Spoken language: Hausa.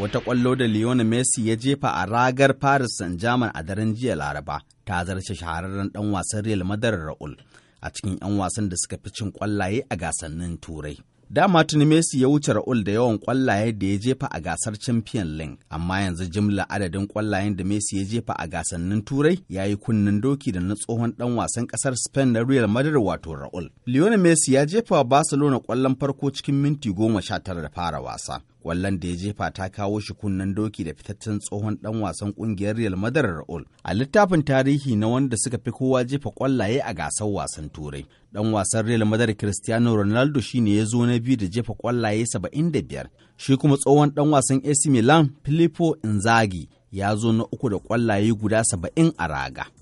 wata ƙwallo da Lionel Messi ya jefa a ragar Paris Saint-Germain a daren jiya Laraba ta zarce shahararren ɗan wasan Real Madrid Raul a cikin 'yan wasan da suka fi cin ƙwallaye a gasannin Turai. Dama tuni Messi ya wuce Raul da yawan ƙwallaye da ya jefa a gasar Champion League, amma yanzu jimla adadin ƙwallayen da Messi ya jefa a gasannin Turai ya yi kunnen doki da na tsohon ɗan wasan ƙasar Spain na Real Madrid wato Raul. Lionel Messi ya jefa wa Barcelona ƙwallon farko cikin minti goma sha tara da fara wasa. Kwallon da ya jefa ta kawo shi kunnen doki da fitaccen tsohon dan wasan kungiyar Real Madrid Raul. A littafin tarihi na wanda suka fi kowa jefa kwallaye a gasar wasan Turai. Dan wasan Real Madrid Cristiano Ronaldo shine ya zo na biyu da jefa kwallaye 75. Shi kuma tsohon dan wasan AC Milan Filippo Inzaghi ya zo na uku da kwallaye guda 70 a raga.